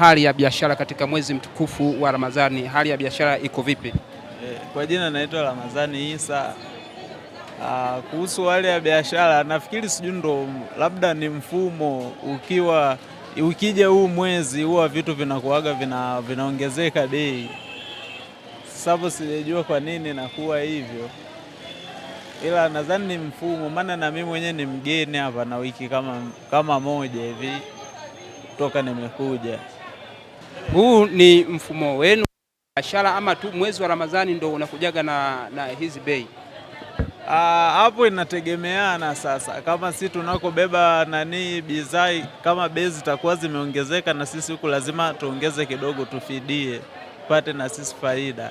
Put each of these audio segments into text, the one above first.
Hali ya biashara katika mwezi mtukufu wa Ramadhani, hali ya biashara iko vipi? Eh, kwa jina naitwa Ramadhani Isa. Ah, kuhusu hali ya biashara nafikiri sijui ndo labda ni mfumo, ukiwa ukija huu mwezi huwa vitu vinakuaga vina, vinaongezeka bei. Sababu sijajua kwa nini nakuwa hivyo, ila nadhani ni mfumo, maana na mimi mwenyewe ni mgeni hapa na wiki kama, kama moja hivi toka nimekuja huu ni mfumo wenu biashara ama tu mwezi wa Ramadhani ndo unakujaga na, na hizi bei ah, hapo? inategemeana sasa, kama si tunakobeba nani bidhaa, kama bei zitakuwa zimeongezeka na sisi huku lazima tuongeze kidogo, tufidie pate na sisi faida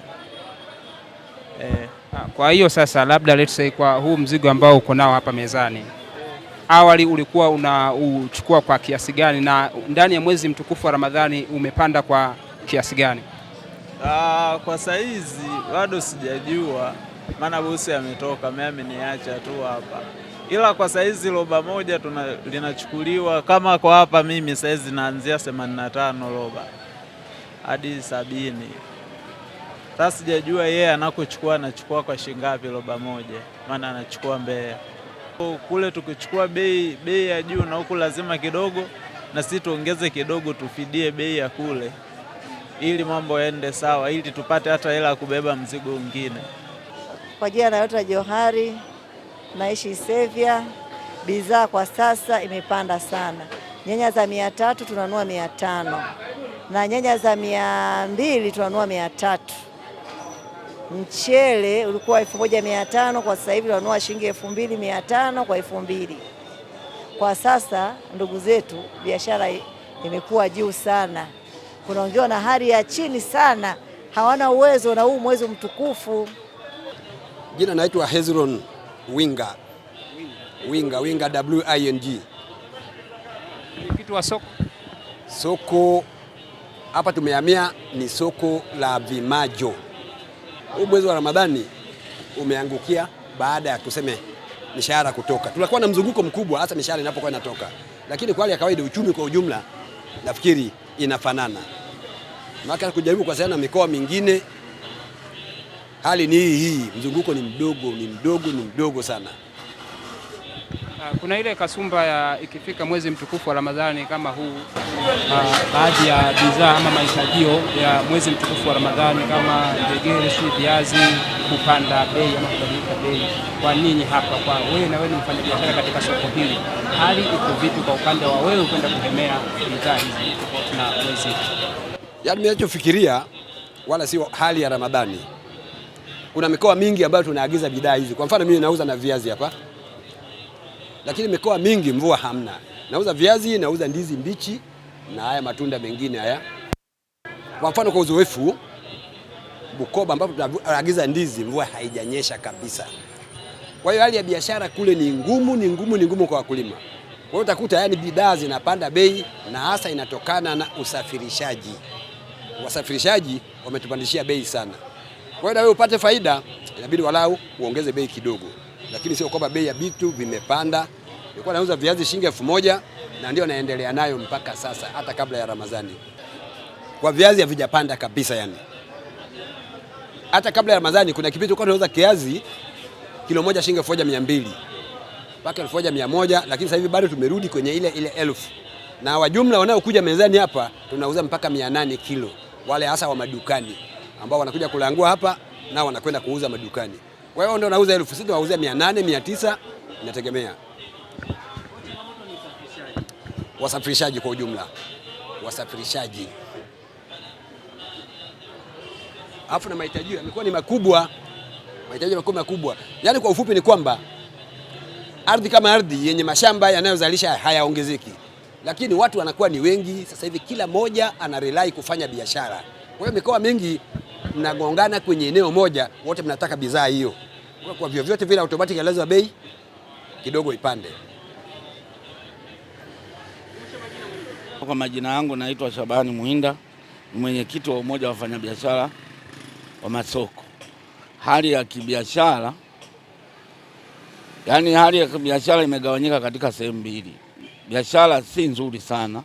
eh. Ah, kwa hiyo sasa, labda let's say kwa huu mzigo ambao uko nao hapa mezani awali ulikuwa unauchukua kwa kiasi gani na ndani ya mwezi mtukufu wa Ramadhani umepanda kwa kiasi gani? Aa, ah, kwa saizi bado sijajua, maana bosi ametoka, mimi ameniacha tu hapa, ila kwa saizi roba moja tuna, linachukuliwa kama kwa hapa mimi saizi naanzia 85 roba hadi sabini. Sasa sijajua yeye anakochukua anachukua kwa shingapi roba moja, maana anachukua Mbeya. Kule tukichukua bei bei ya juu na huku lazima kidogo na sisi tuongeze kidogo, tufidie bei ya kule, ili mambo yaende sawa, ili tupate hata hela ya kubeba mzigo mwingine. Kwa jina naitwa Johari, naishi sevya Bidhaa kwa sasa imepanda sana, nyanya za mia tatu tunanua mia tano na nyanya za mia mbili tunanua mia tatu mchele ulikuwa elfu moja mia tano kwa sasa hivi wanunua shilingi elfu mbili mia tano kwa elfu mbili Kwa sasa ndugu zetu, biashara imekuwa juu sana, kunaongewa na hali ya chini sana, hawana uwezo na huu mwezi mtukufu. Jina naitwa Hezron Winga Winga Winga W I N G. wa soko soko hapa tumehamia ni soko la Vimajo huu mwezi wa Ramadhani umeangukia baada ya kuseme mishahara kutoka. Tunakuwa na mzunguko mkubwa hasa mishahara inapokuwa inatoka, lakini kwa hali ya kawaida uchumi kwa ujumla nafikiri inafanana. Maka kujaribu kuwasiliana na mikoa mingine, hali ni hii hii, mzunguko ni mdogo, ni mdogo, ni mdogo sana. Ah, kuna ile kasumba ya ikifika mwezi mtukufu wa Ramadhani kama huu, ah, baadhi ya bidhaa ama mahitajio ya mwezi mtukufu wa Ramadhani kama njegere, si viazi kupanda bei ama kubadilika bei. Kwa nini hapa kwa wewe, na wewe ni mfanyabiashara katika soko hili, hali iko vipi kwa upande wa wewe kwenda kuhemea bidhaa hizi na mwezi? Yaani ninachofikiria wala sio hali ya Ramadhani. Kuna mikoa mingi ambayo tunaagiza bidhaa hizi. Kwa mfano mimi nauza na viazi hapa lakini mikoa mingi mvua hamna. Nauza viazi, nauza ndizi mbichi na haya matunda mengine haya. Kwa mfano, kwa uzoefu Bukoba ambapo tunaagiza ndizi, mvua haijanyesha kabisa. Kwa hiyo hali ya biashara kule ni ngumu, ni ngumu, ni ngumu kwa wakulima. Kwa hiyo utakuta yani bidhaa zinapanda bei, na hasa inatokana na usafirishaji. Wasafirishaji wametupandishia bei sana. Kwa hiyo na wewe upate faida, inabidi walau uongeze bei kidogo lakini sio kwamba bei ya vitu vimepanda. Nilikuwa nauza viazi shilingi elfu moja na ndio naendelea nayo mpaka sasa, hata kabla ya Ramadhani. Kwa viazi havijapanda kabisa, yani hata kabla ya Ramadhani kuna kipindi tulikuwa tunauza kiazi kilo moja shilingi elfu moja mia mbili mpaka elfu moja mia moja lakini sasa hivi bado tumerudi kwenye ile ile elfu na wajumla wanaokuja mezani hapa tunauza mpaka mia nane kilo, wale hasa wa madukani ambao wanakuja kulangua hapa na wanakwenda kuuza madukani. Kwa hiyo ndio nauza elfu sita wauza mia nane mia tisa inategemea wasafirishaji kwa ujumla, wasafirishaji alafu na mahitaji yamekuwa ni makubwa, mahitaji yamekuwa makubwa. Yaani kwa ufupi ni kwamba ardhi kama ardhi yenye mashamba yanayozalisha hayaongezeki, lakini watu wanakuwa ni wengi. Sasa hivi kila moja ana rely kufanya biashara, kwa hiyo mikoa mingi mnagongana kwenye eneo moja, wote mnataka bidhaa hiyo kwa vyovyote vile automatic lazima bei kidogo ipande. Kwa majina yangu naitwa Shabani Muhinda, ni mwenyekiti wa umoja wa wafanyabiashara wa masoko. Hali ya kibiashara yaani, hali ya kibiashara imegawanyika katika sehemu mbili. Biashara si nzuri sana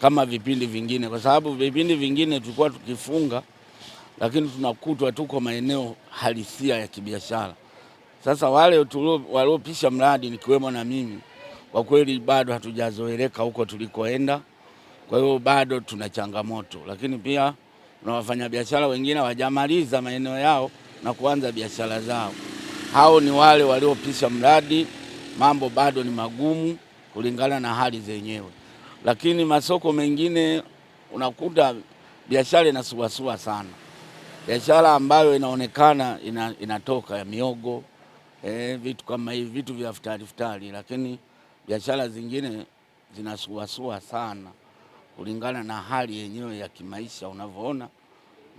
kama vipindi vingine, kwa sababu vipindi vingine tulikuwa tukifunga, lakini tunakutwa tuko maeneo halisia ya kibiashara. Sasa wale waliopisha mradi nikiwemo na mimi, kwa kweli bado hatujazoeleka huko tulikoenda, kwa hiyo bado tuna changamoto, lakini pia na wafanyabiashara wengine hawajamaliza maeneo yao na kuanza biashara zao. Hao ni wale waliopisha mradi, mambo bado ni magumu kulingana na hali zenyewe, lakini masoko mengine unakuta biashara inasuasua sana, biashara ambayo inaonekana ina, inatoka ya miogo e, vitu kama hivi, vitu vya futari futari, lakini biashara zingine zinasuasua sana kulingana na hali yenyewe ya kimaisha. Unavyoona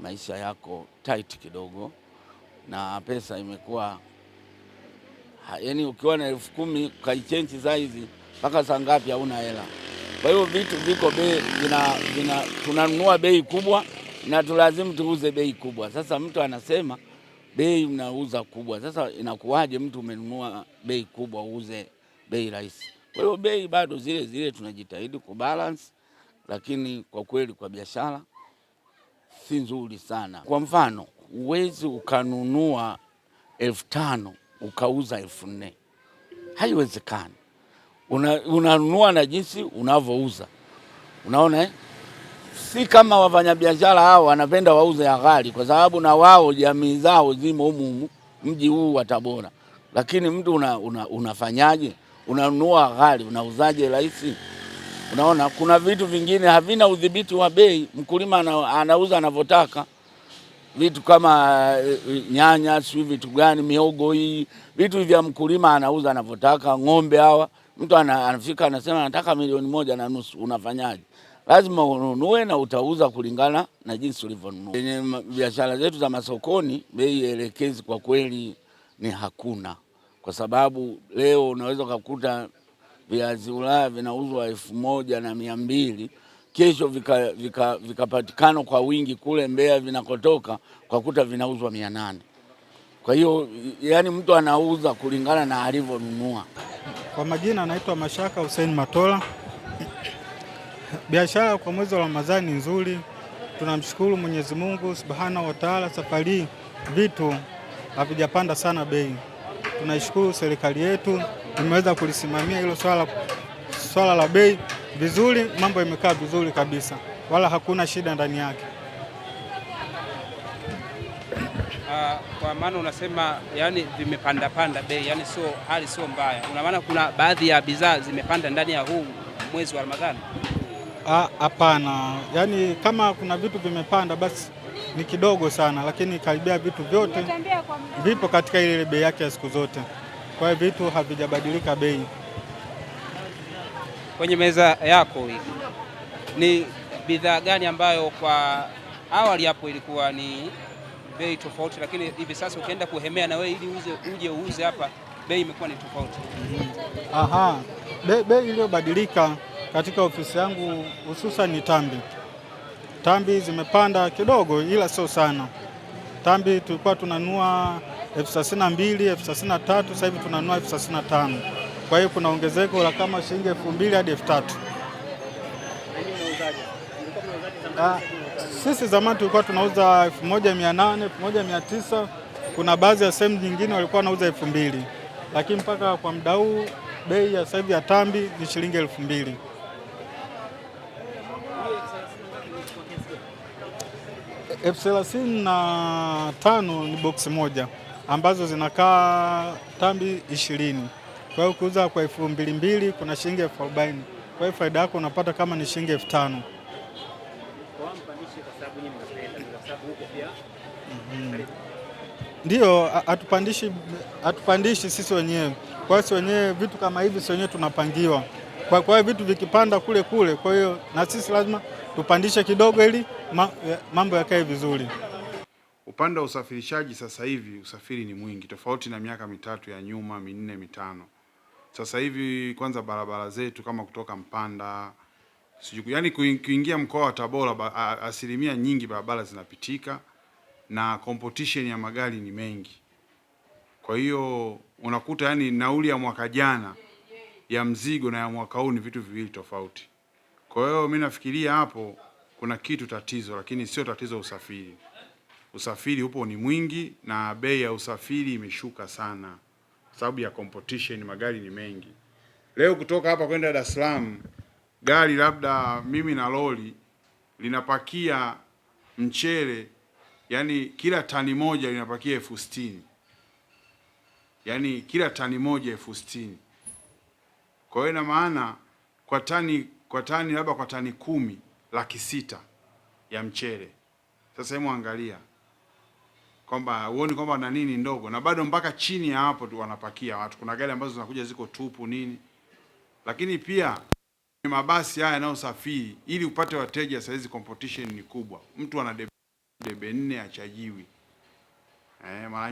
maisha yako tight kidogo na pesa imekuwa yaani, ukiwa na elfu kumi ukaichenji saizi mpaka saa ngapi hauna hela. Kwa hiyo vitu viko bei vina, vina tunanunua bei kubwa na tulazimu tuuze bei kubwa. Sasa mtu anasema bei mnauza kubwa. Sasa inakuwaje mtu umenunua bei kubwa uuze bei rahisi? Kwa hiyo bei bado zile zile, tunajitahidi kubalance, lakini kwa kweli kwa biashara si nzuri sana. Kwa mfano, uwezi ukanunua elfu tano ukauza elfu nne haiwezekani. Unanunua una na jinsi unavyouza, unaona eh? si kama wafanyabiashara hao wanapenda wauze ya ghali, kwa sababu na wao jamii zao zimo humu mji huu wa Tabora. Lakini mtu una, una, unafanyaje? Unanunua ghali, unauzaje rahisi? Unaona, kuna vitu vingine havina udhibiti wa bei, mkulima anauza anavyotaka, vitu kama eh, nyanya, si vitu gani, miogo hii, vitu vya mkulima anauza anavyotaka. Ng'ombe hawa, mtu anafika anasema nataka milioni moja na nusu, unafanyaje? lazima ununue na utauza kulingana na jinsi ulivyonunua. Kwenye biashara zetu za masokoni, bei elekezi kwa kweli ni hakuna, kwa sababu leo unaweza ukakuta viazi Ulaya vinauzwa elfu moja na mia mbili kesho vikapatikana vika, vika kwa wingi kule Mbeya vinakotoka kwa kuta vinauzwa mia nane. Kwa hiyo yani mtu anauza kulingana na alivyonunua. Kwa majina anaitwa Mashaka Hussein Matola. Biashara kwa mwezi wa Ramadhani ni nzuri, tunamshukuru Mwenyezi Mungu subhanahu wa taala. Safari vitu havijapanda sana bei, tunaishukuru serikali yetu imeweza kulisimamia hilo swala, swala la bei vizuri. Mambo yamekaa vizuri kabisa, wala hakuna shida ndani yake. Ah, kwa maana unasema yani vimepanda panda bei, yani sio hali sio mbaya, una maana kuna baadhi ya bidhaa zimepanda ndani ya huu mwezi wa Ramadhani. Ah, hapana, yaani kama kuna vitu vimepanda basi ni kidogo sana, lakini karibia vitu vyote vipo katika ile bei yake ya siku zote. Kwa hiyo vitu havijabadilika bei. Kwenye meza yako hii ni bidhaa gani ambayo kwa awali hapo ilikuwa ni bei tofauti, lakini hivi sasa ukienda kuhemea na wewe ili uze, uje uuze hapa bei imekuwa ni tofauti? Aha, bei be iliyobadilika katika ofisi yangu hususan ni tambi. Tambi zimepanda kidogo, ila sio sana. Tambi tulikuwa tunanua elfu thelathini na mbili elfu thelathini na tatu sasa hivi tunanua elfu thelathini na tano Kwa hiyo kuna ongezeko la kama shilingi elfu mbili hadi elfu tatu ah, Sisi zamani tulikuwa tunauza elfu moja mia nane elfu moja mia tisa Kuna baadhi ya sehemu nyingine walikuwa wanauza elfu mbili lakini mpaka kwa muda huu bei ya sasa hivi ya tambi ni shilingi elfu mbili. elfu thelathini na tano ni box moja ambazo zinakaa tambi ishirini. Kwa hiyo kuuza kwa elfu mbili mbili kuna shilingi elfu arobaini. Kwa hiyo faida yako unapata kama ni shilingi elfu tano. Mhm. Ndio, hatupandishi sisi wenyewe. Kwa hiyo si wenyewe vitu kama hivi, si wenyewe tunapangiwa kwa hiyo vitu vikipanda kule kule, kwa hiyo na sisi lazima tupandishe kidogo ili mambo yakae vizuri. Upande wa usafirishaji, sasa hivi usafiri ni mwingi tofauti na miaka mitatu ya nyuma, minne, mitano. Sasa hivi kwanza barabara zetu kama kutoka Mpanda sijuku, yani kuingia mkoa wa Tabora, asilimia nyingi barabara zinapitika na competition ya magari ni mengi, kwa hiyo unakuta yani nauli ya mwaka jana ya mzigo na ya mwaka huu ni vitu viwili tofauti. Kwa hiyo mimi nafikiria hapo kuna kitu tatizo, lakini sio tatizo usafiri. Usafiri upo ni mwingi na bei ya usafiri imeshuka sana sababu ya competition, magari ni mengi. Leo kutoka hapa kwenda Dar es Salaam gari labda mimi na lori linapakia mchele yani, kila tani moja linapakia elfu sitini yani, kila tani moja elfu sitini kwa hiyo ina maana kwa tani kwa tani labda kwa tani kumi laki sita ya mchele. Sasa hemu angalia kwamba huoni kwamba na nini ndogo, na bado mpaka chini ya hapo tu wanapakia watu. Kuna gari ambazo zinakuja ziko tupu nini, lakini pia mabasi haya yanayosafiri ili upate wateja. Saa hizi competition ni kubwa, mtu ana debe nne achajiwi eh, mara nyingi